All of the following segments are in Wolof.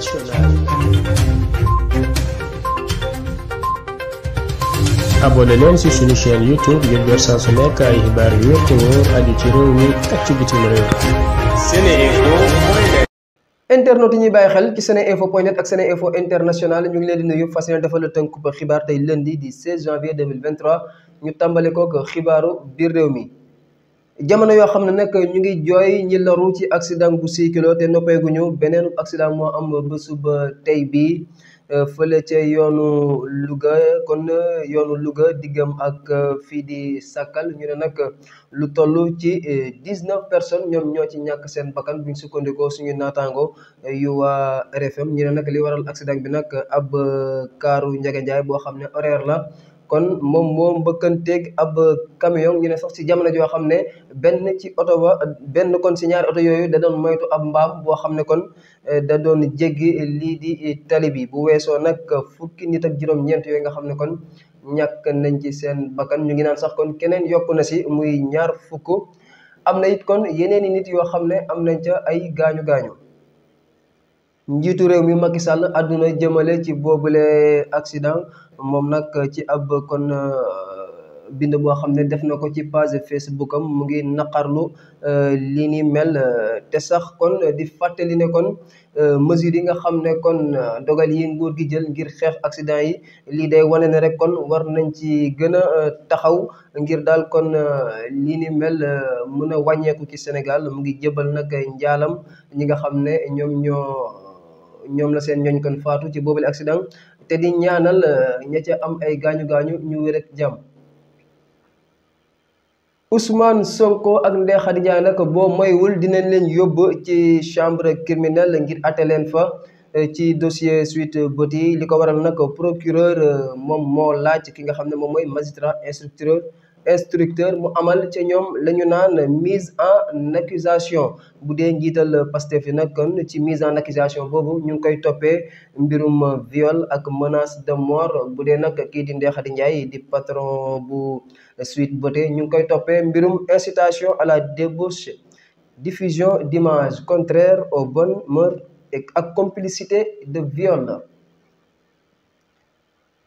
internationale. abonné leen ci suñu chaîne youtube ngir jot saa su nekk yu wér ci réew mi ak ci bitim réew. yi ñuy bàyyi xel ci seneinfo point net ak seneinfo international ñu ngi leen di nuyu fas yéene defal la tënk ba xibaar tey lundi di 16 janvier 2023 ñu tàmbale koog xibaaru biir réew mi. jamono yoo xam ne nag ñu ngi jooy ñi loru ci accident bu siikilo te noppeeguñu beneen accident moo am bés ba tey bii euh, fële ca yoonu Louga kon yoonu Louga diggam ak euh, fii di sakkal ñu ne nag lu toll ci euh, dix-neuf personnes ñoom ñoo ci ñàkk seen bakkan buñ sukkandikoo suñu naataango yu waa RFM ñu ne nag li waral accident bi nag ab kaaru njaganjaay boo xam ne horaire la kon moom moo mbëkkanteeg ab camion ñu ne sax si jamono joo xam ne benn ci oto ba benn kon si ñaar oto yooyu da doon moytu ab mbaam boo xam ne kon eh, da doon jéggi lii di tali bi bu weesoo nag fukki nit ak juróom-ñeent yooyu nga xam ne kon ñàkk nañ ci seen bakkan ñu ngi naan sax kon keneen yokk na si muy ñaar fukk am na it kon yeneen i nit yoo xam ne am nañ ca ay gaañu gaañu. njiitu réew mi Macky Sall àdduna jëmale ci boobule accident moom nag ci ab kon euh, bind boo xam ne def na ko ci page Facebook mu ngi naqarlu euh, li ni mel euh, te sax kon di fàttali ne kon mesure yi nga xam ne kon dogal yi nguur gi jël ngir xeex accident yi lii day wane ne rek kon war nañ ci gën a taxaw ngir daal kon li ni mel mën a wàññeeku ci Sénégal mu ngi jëbal nag njaalam ñi nga xam ne ñoom ñoo ñoom la seen ñooñ kon faatu ci boobule accident te di ñaanal euh, ña ca am ay gaañu gaañu ñu wér ak jàmm. Ousmane Sonko ak Ndeye Khady Ndiaye nag boo moywul dinañ leen yóbbu ci chambre criminelle ngir àtte leen fa euh, ci dossier Sweet Beauté li ko waral nag procureur euh, moom moo laaj ki nga xam ne moom mooy magistrat instructeur. instructeur mu amal ca ñoom lañu naan mise en accusation bu dee njiital Pastef yi nag kon ci mise en accusation boobu ñu ngi koy toppee mbirum viol ak menace de mort bu dee nag kii di Ndeye di patron bu Sweet Beauté ñu ngi koy toppee mbirum incitation à la débauche diffusion dimage contraires aux bonnes mœurs ak complicité de viol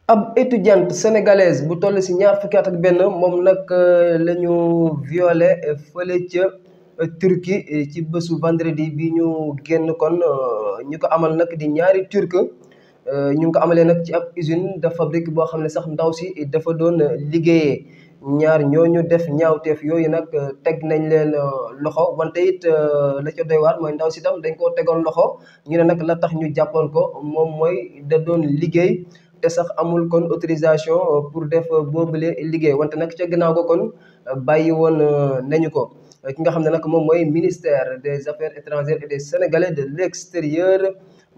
ab étudiante sénégalaise bu toll si ñaar fukki at ak benn moom nag euh, la ñu violé fële ca euh, Turquie euh, ci bésu vendredi bi ñu génn kon ñu ko amal nag di ñaari turc ñu ngi ko amalee nag ci ab usine de fabrique boo xam ne sax ndaw si dafa doon liggéeye ñaar ñooñu def ñaawteef yooyu nag teg nañ leen loxo wante it la ca doy waar mooy ndaw si tam dañ koo tegoon loxo ñu ne nag la tax ñu jàppoon ko moom mooy da doon liggéey te sax amul kon autorisation euh, pour def euh, boobule liggéey wante nag ca ginnaaw ko kon euh, bàyyi woon nañu ko ki nga xam ne nag moom mooy ministère des affaires étrangères et des sénégalais de l'extérieur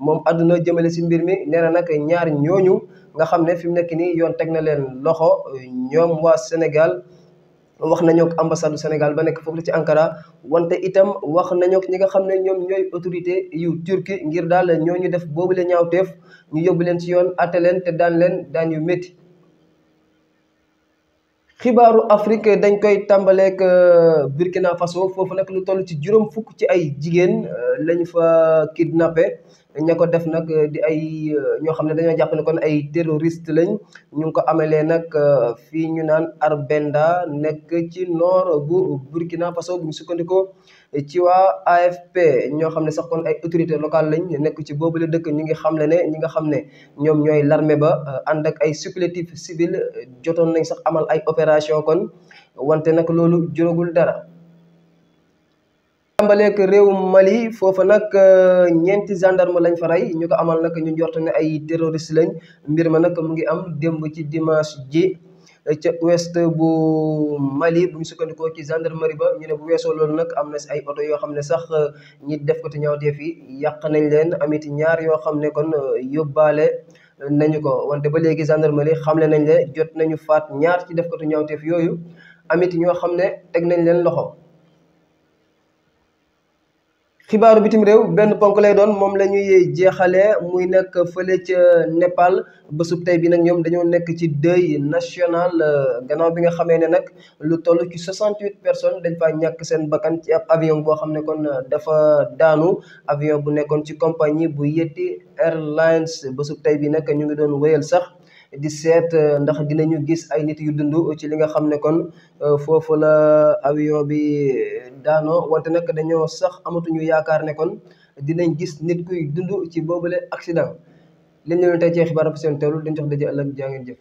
moom àdduna jëmale si mbir mi nee na nag ñaar ñooñu nga xam ne fi mu nekk nii yoon teg na leen loxo ñoom waa Sénégal wax nañoo ak ambassade Sénégal ba nekk foofu la ci Ankara wante itam wax nañoo ñi nga xam ne ñoom ñooy autorité yu Turquie ngir daal ñoo ñu def boobu la ñaawteef ñu yóbbu leen ci yoon àtte leen te daan leen daan yu métti. xibaaru Afrique dañ koy tàmbaleek euh, Burkina Faso foofu nag lu toll ci juróom fukk ci ay jigéen euh, lañu fa kidnappé. ña ko def nag eh, di ay eh, ñoo xam ne dañoo jàpp ne kon ay terroriste lañ ñu ngi ko amalee nag eh, fii ñu naan Arbenda nekk ci noor bu Burkina Faso bu ñu sukkandikoo ci waa AFP ñoo xam ne sax kon ay autorité locale lañ nekk ci boobu la dëkk ñu ngi xamle ne ñi nga xam ne ñoom ñooy l'armée ba ànd ak ay supplétifs civils jotoon nañ sax amal ay opération kon wante nag loolu juróogul dara tàmbaleeg réewum Mali foofa nag euh, ñeenti gendarme lañ faray ñu ko amal nag ñu njort ne ay terroriste lañ mbir ma nag mu ngi am démb ci dimanche ji euh, ca ouest bu Mali bu ñu sukkandikoo ci gendarmerie ba ñu ne bu weesoo loolu nag am na si ay oto yoo xam ne sax euh, ñi def ko ñaw ñaawteef yi yàq nañ leen amit ñaar yoo xam ne kon yóbbaale nañu ko wante ba léegi gendarmerie xamle nañ le jot nañu faat ñaar ci def ñaw te ñaawteef yooyu amit ñoo xam ne teg nañ leen loxo. xibaaru bitim réew benn ponk lay doon moom la ñuy jeexalee muy nag fële ca Népal bésub tey bi nag ñoom dañoo nekk ci deuil national euh, gannaaw bi nga xamee ne nag lu toll ci 68 personnes dañ faa ñàkk seen bakkan ci ab avion boo xam ne kon dafa daanu avion bu nekkoon ci compagnie bu Yeti Airlines bésub tey bi nag ñu ngi doon wéyal sax. di seet euh, ndax dinañu gis ay nit yu dund ci li nga xam ne kon euh, foofu la avion bi daanoo wante nag dañoo sax amatuñu yaakaar ne kon dinañ gis nit kuy dundu ci boobu boobule accident. liñ leen tey ci xibaar bu seen teewlu dañ jox daje ëllëg jaa jëf.